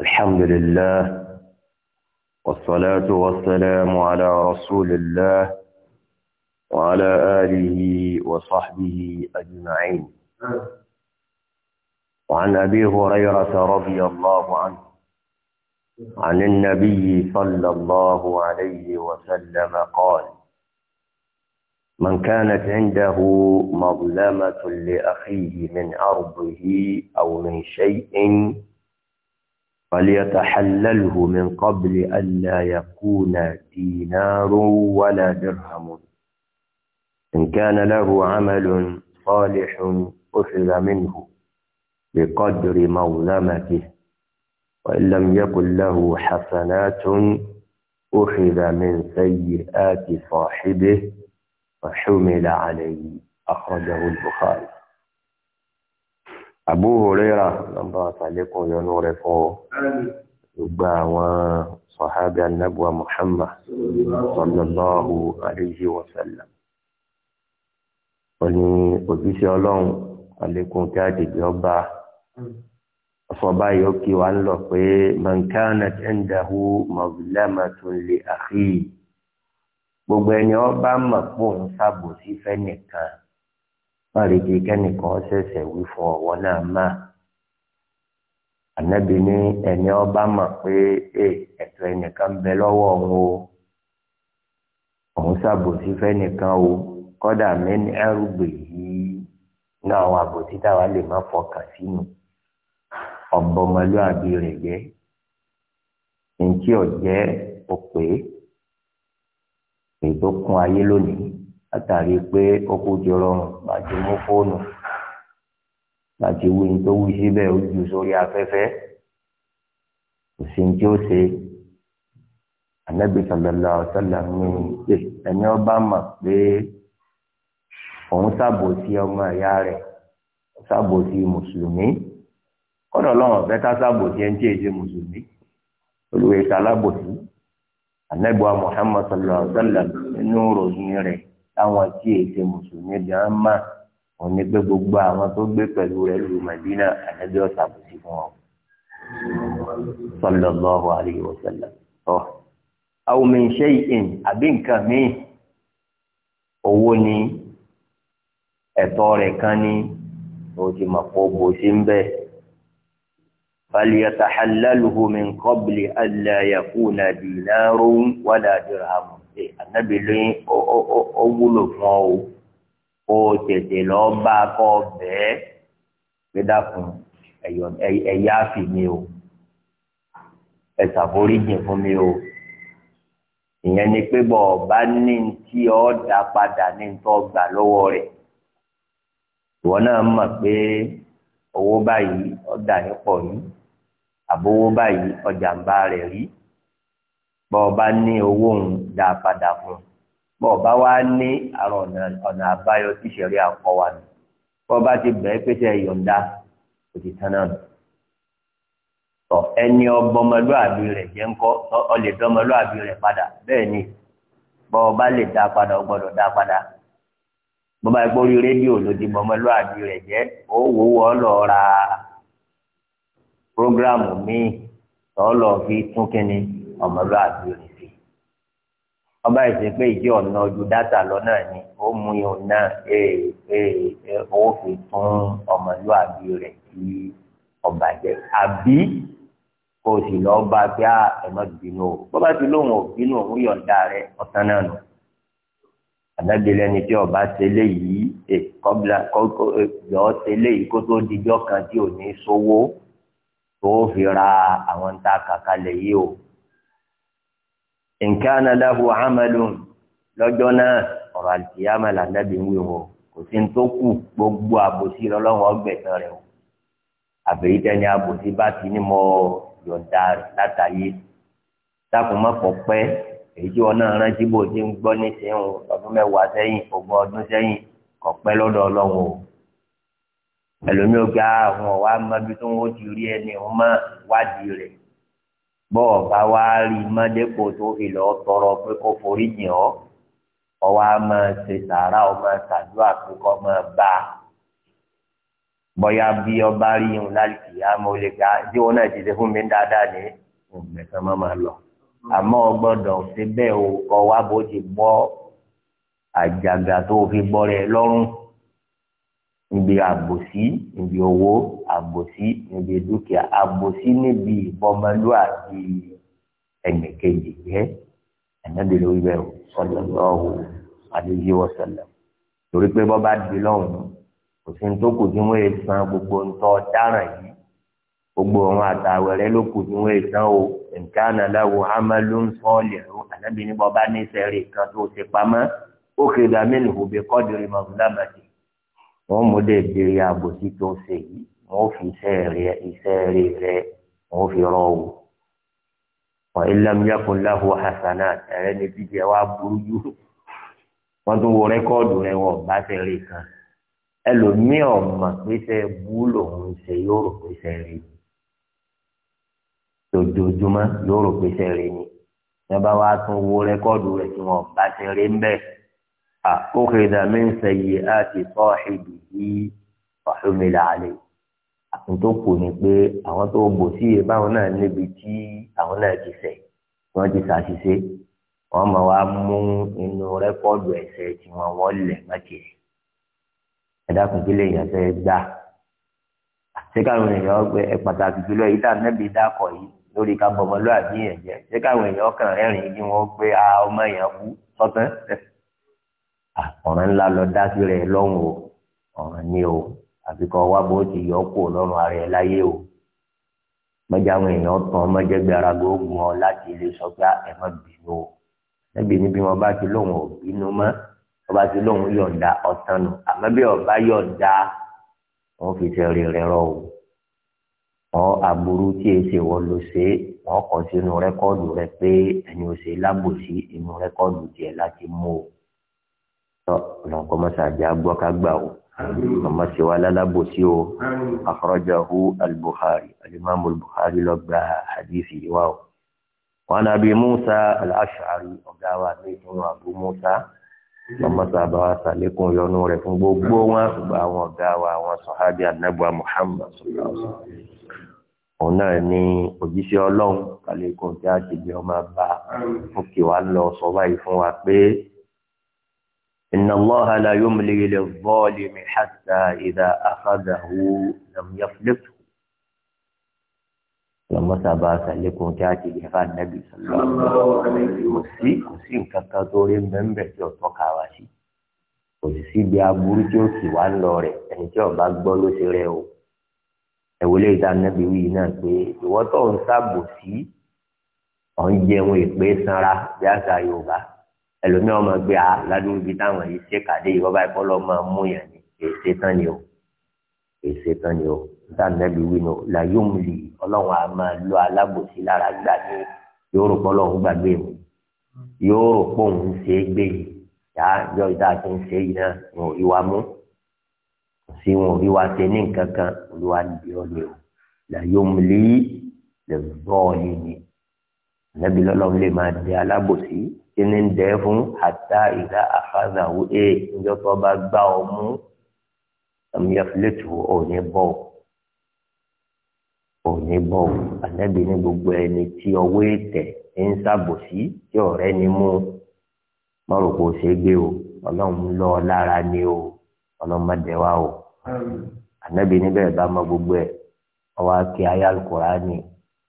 الحمد لله والصلاة والسلام على رسول الله وعلى آله وصحبه أجمعين وعن أبي هريرة رضي الله عنه عن النبي صلى الله عليه وسلم قال من كانت عنده مظلمة لأخيه من أرضه أو من شيء فليتحلله من قبل أن لا يكون دينار ولا درهم إن كان له عمل صالح أخذ منه بقدر مظلمته وإن لم يكن له حسنات أخذ من سيئات صاحبه وحمل عليه أخرجه البخاري Abu Huraira lọ́nà àtàlékún yọnu rẹ̀ fún ọ. gbogbo àwọn sọ̀hábí anábùwà Muhammad sallallahu alayhi wa sallam. ó ní òjíṣẹ́ ọlọ́run àlékún kí àdìgbì ọba ọ̀fọ̀ báyìí ó kí wa ń lọ pé man kanat indahu mazlamatun li akhi gbogbo ẹni ọba mọ̀ pé òun ṣàbòsí fẹ́ nìkan má rí bí kẹ́nìkan ṣẹ̀ṣẹ̀ wí fún ọ̀wọ́ náà má ànábì ní ẹni ọba mọ̀ pé ẹ̀tọ́ ẹnìkan bẹ lọ́wọ́ òun o òun ṣàbòsí fẹ́nìkan o kọ́dà mẹ́ni ẹrùgbè yìí náà àwọn àbòsí táwa lè má fọkàn sínú ọ̀bọ̀mọlúàbí rẹ̀ jẹ́ ntí ọ̀jẹ́ òpè èyí kún ayé lónìí látàrí pé ó kú ti rọrùn bàtí mú fóònù bàtí wí ní tó wí síbẹ̀ ó ju sórí afẹ́fẹ́ kò sí ní tí ó ṣe anabi sọlọlọ sọlọ ní pé ẹni ọba mọ̀ pé òun ṣàbòsí ọmọ ìyá rẹ̀ ṣàbòsí mùsùlùmí kọ́dọ̀ lọ́wọ́ fẹ́ ká ṣàbòsí ẹni tí èsì mùsùlùmí olùwé ṣàlábòsí anabi wa muhammad sọlọ sọlọ nínú ròyìn rẹ̀ táwọn tí èsè mùsùlùmí gan mà wọn ni pé gbogbo àwọn tó gbé pẹ̀lú rẹ̀ lu Madina ànábì ọ̀sà kò sí fún wọn. sallallahu alayhi wa sallam ọ. aw min shay'in àbí nǹkan míì owó ni ẹ̀tọ́ rẹ̀ kan ní o ti mọ̀ pé o bò sí ń bẹ̀. falyatahallaluhu min qabli alla yakuna dinarun wala dirham ànábì ló ń ó wúlò fún ọ o ó tètè lọ bá a kọ bẹ́ẹ̀ pé dákun ẹ̀yà àfi mi o ẹ ṣàforíjìn fún mi o ìyẹn ni pé bọ̀ bá ní tí ọ dá padà ní tó gbà lọ́wọ́ rẹ̀ ìwọ náà mọ̀ pé owó báyìí ọ̀dà yín pọ̀ yìí àbówó báyìí ọjà ń bá rẹ̀ rí bọ́ọ̀bá ní owó ń dá padà fún bọ́ọ̀bá wá ní àrùn ọ̀nà àbáyọ tí ìṣẹ̀rí àkọ́ wa nù bọ́ọ̀bá ti bẹ̀ẹ́ pèsè ìyọ̀ǹda kò ti tán náà nù. tọ ẹni ọbọmọlúàbí rẹ̀ jẹ́ ńkọ́ ọlẹ̀ dọ́mọlúàbí rẹ̀ padà bẹ́ẹ̀ ni bọ́ọ̀bá lè dá padà ó gbọ́dọ̀ dá padà bọ́ọ̀bá ẹgbẹ́ orí rédíò ló di bọ́mọlúàbí rẹ̀ jẹ́ ó wò ó wọ́ lọ ra prógráàmù míì ọmọlúwàbí rẹ̀ sí. ọba ìṣe pé ìjẹ́ ọ̀nà ojú dátà lọ náà ni ó mú ihun náà owó fi tún ọmọlúwàbí rẹ̀ sí ọba jẹ́ àbí kó o sì lọ́ọ́ bá pé a ẹ̀mọ́ bínú o bọ́bá ti lóun ò bínú òun yọ̀ǹda rẹ̀ ọ̀tán náà nù. àdábìlẹ̀ ni tí ọba ṣe léyìí kọ́bla yọ ọ́ ṣe léyìí kó tó dijọ́ kan tí ò ní sówó tó fi ra àwọn tá a kàkà lè yí o nǹkan aláhu amadu lọ́jọ́ náà ọ̀rọ̀ àlùkìyàmà làǹdàbí ń wí wọn kò sí ní tó kù gbogbo àbòsí lọ́lọ́wọ́ ọgbẹ̀tàn rẹ̀ o àbẹ̀yí tẹ́ni àbòsí bá ti ní mọ́ yọ̀ǹda rẹ̀ látàyè dákun má kọ̀ pẹ́ èyí tí wọn náà rántí bò ti ń gbọ́ ní sẹ́yìn ọdún mẹ́wàá sẹ́yìn ogún ọdún sẹ́yìn kọ̀ pẹ́ lọ́dọ̀ ọlọ́run o ẹlòmíì àwọn ọ̀wá ah, mọ́bí tó ń wọ́n ti rí ẹni ọmọ wádìí rẹ̀ bọ́ọ̀ bá wá rí mọ́dékò tó fi lọ́ọ́ tọrọ pé kó forí jìn ọ́ ọwọ́ a máa ṣe sàárà ọ máa ṣàdúrà pé kọ́ máa bá a bọ́yá bí ọba rí irun láìpẹ́ yá mo lè ga bí wọn náà ti ṣe fún mi dáadáa ní ìgbẹ̀sán máa máa lọ àmọ́ ọ ṣe bẹ́ẹ̀ o kọ́ wá bó ti gbọ́ àjàgà tó fi gbọ́ rẹ lọ́rùn níbi àbòsí níbi owó àbòsí níbi dúkìá àbòsí níbi ìbọmọlúwàbí ẹnìkejì jẹ ẹnẹbi ló wíwẹ o sallallahu alaihi wasallam torí pé bọ́ bá di lọ́hùn kò sí ní tó kù tí wọ́n yẹ san gbogbo ńtọ́ dáràn yìí gbogbo àwọn àtàwẹ̀rẹ́ ló kù tí wọ́n yẹ san o nǹkan ànáláwo amalun salihu ànábi ní bọ́ bá ní sẹ́rì kan tó ṣe pamọ́ ó kéde amínú òbí kọ́dìrì mọ̀ọ́dúnlámàdì wọn mú déédé àbòsí tó ṣe yìí wọn fi iṣẹ́ rẹ̀ iṣẹ́ rẹ̀ rẹ̀ wọn fi rọ o wọn ilam yakun lahu hasana ẹrẹ ní bíbí ẹ wá burú jù wọn tún wo rẹkọọdù rẹ̀ wọn bá ṣe rí kan ẹlòmíì ọmọ pé ṣe bú ṣe yóò rò pé ṣe rí lójoojúmọ́ yóò rò pé ṣe ni ẹ bá wá tún wo rẹkọọdù rẹ̀ tí wọn bá ṣe rí ń bẹ́ẹ̀. أخذ من سيئات صاحبه فحمل عليه àtún tó kù ni pé àwọn tó bò sí iye báwọn náà níbi tí àwọn náà ti ṣẹ̀ wọ́n ti ṣàṣìṣe wọ́n máa wá mú inú rẹ́kọ́ọ̀dù ẹ̀ṣẹ̀ tí wọ́n wọ́n lẹ̀ mọ́tì ẹ̀ ẹ̀dákun kí lèèyàn fẹ́ gbà ṣé káwọn èèyàn gbé ẹ pàtàkì jùlọ yìí tá nẹ́bí dákọ̀ yìí lórí ká bọmọlúwàbí yẹn jẹ ṣé káwọn èèyàn kàn rẹ́rìn-ín kí gbé ọmọ èèyàn kú sọ́tán ọ̀ràn ńlá lọ dá sí rẹ̀ lọ́rùn o ọ̀ràn ni o àfi kọ́ wá bó ti yọ kó lọ́rùn ara ẹ̀ láyé o mọ́jà àwọn èèyàn tán mọ́jẹ́gbẹ́ ara gbóògùn ọ láti ilé sọ pé ẹ má bínú o ẹbí níbi wọn bá ti lóun ò bínú mọ́ wọn bá ti lóun yọ̀ǹda ọ̀tán nù àmọ́ bí ọba yọ̀ǹda wọn fi tẹ̀rí rẹ rọ o wọn aburú tí èsè wọn ló ṣe wọn kọ sínú rẹ́kọ́ọ̀dù rẹ pé ẹni ò ṣe lábòsí inú rẹ́kọ́ọ̀dù tiẹ̀ láti mú o tọ́ ọ̀nà kọ́ mọ́sá àjá gbọ́ ká gbà o ọmọ sí wa lálábò sí o akhrajahu al-Bukhari al-Imam al-Bukhari lọ gba hadithi wa o. wọn náà bí Musa al-Ash'ari ọ̀gá wa ní ìtumọ̀ Abu Musa ọmọ sábà wa sàlékún yọnu rẹ̀ fún gbogbo wọn gba àwọn ọ̀gá wa àwọn sọ̀hábí anábùa Muhammad sallallahu alaihi òun náà ní òjíṣẹ́ ọlọ́run kálíkùn tí a ti gbé ọmọ bá fún kí wàá lọ sọ báyìí fún wa pé. إن الله لا يملي للظالم حتى إذا أخذه لم يفلته lọ́mọ sábà sàlékún kí á ti lè fa nẹ́bí sọ́lá kò sí kò sí nǹkan kan tó rí mbẹ́mbẹ́ tí ó tọ́ka wá sí kò sì sí ibi aburú tí ó sì wá ń lọ rẹ̀ ẹni tí ọba gbọ́ ló ṣe rẹ̀ o ẹ̀wọ́ lè ta nẹ́bí wíyí náà pé ìwọ́ tó ń sábò sí ọ̀ ń jẹun ìpè sanra bí àṣà Yorùbá ẹlòmíì ọmọ gbé a ládùúgbò bíi táwọn yìí ṣe kàdé yìí bọ́bá ìfọ́ lọ́ọ́ máa mú yàn ní èsè tán ni o èsè tán ni o dánilẹ́bi wí ni o làyóòmùlì ọlọ́run a máa lọ alábòsí lára gbà ní yóò rò pé ọlọ́run gbàgbé mi yóò rò pé òun ṣe é gbé yìí yá yọ ìdá tó ń ṣe yìí náà wọn ò rí wa mú sí wọn ò rí wa ṣe ní nǹkan kan olúwa níbi ọ̀lẹ́ o làyóòmùlì lè bọ́ ọ kíni ń dẹ́ fún àtà ìdá àfàdàwò ẹ̀ ǹjọ́ tó bá gbá ọ mú ẹ̀mìyàfúlẹ̀tù òní bọ̀ òní bọ̀ ànábì ní gbogbo ẹni tí ọwọ́ ètẹ̀ ń ṣàbòsí tí ọ̀rẹ́ ni mú mọ́rùkù ṣe gbé o ọlọ́run lọ lára ni o ọlọ́run má dẹ̀ o ànábì níbẹ̀ bá mọ gbogbo ẹ̀ ọwọ́ akẹ́ ayálùkùránì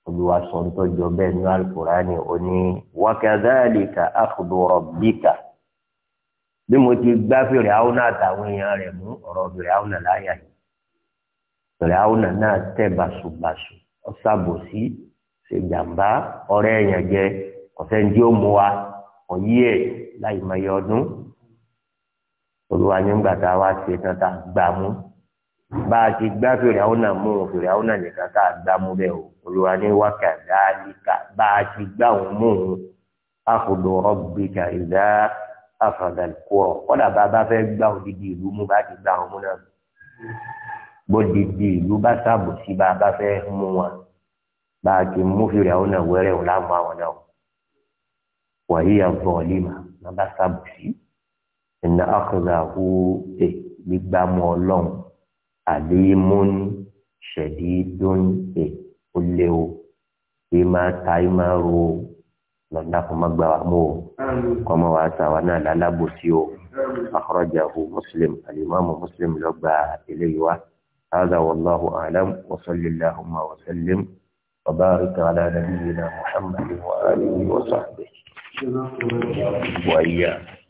olùwà sọ̀ńtọ́jọ bẹ́ẹ̀ ní alukurani oní wakadhalika akhdu rabbika bí mo ti gbá fèrè àwọn àtàwọn èèyàn rẹ̀ mú ọ̀rọ̀ fèrè àwọn láyà yìí fèrè àwọn náà tẹ̀ bàṣùbàṣù ọ̀sàbòsí ṣèjàmbá ọ̀rẹ́ èèyàn jẹ ọ̀fẹ́ ní ó mú wa ọ̀yí ẹ̀ láì mọye ọdún olùwà nígbà tá a wá ṣe tán tá a gbà mú bá a ti gbá fèrè àwọn náà mú un fèrè àwọn náà nìkan ká gbá mú bẹ́ẹ̀ o olùwà ní wákà dáadíkà bá a ti gbá òun mú un àfọdù rabbika ìdá àfàdàkùrọ̀ kọ́dà bá a bá fẹ́ gbá òdìdí ìlú mú bá a ti gbá òun mú náà gbódìdí ìlú bá sáàbò sí bá a bá fẹ́ mú wọn bá a ti mú fèrè àwọn náà wẹ́rẹ́ òun láàmú àwọn náà wàyí àgbọ̀ ọ̀lìmà má bá sáàbò sí ẹ̀ alimun shadidun e ó lé o bí máa ta yín máa ro lọ́dà kó má gbà wá mú o kọ́ mọ́ wàá ta wa náà lálábòsí o akhrajahu muslim alimami muslim ló gba eléyìí wá hada wallahu alam wa salli allahumma wa sallim wa barika ala nabiyyina wa alihi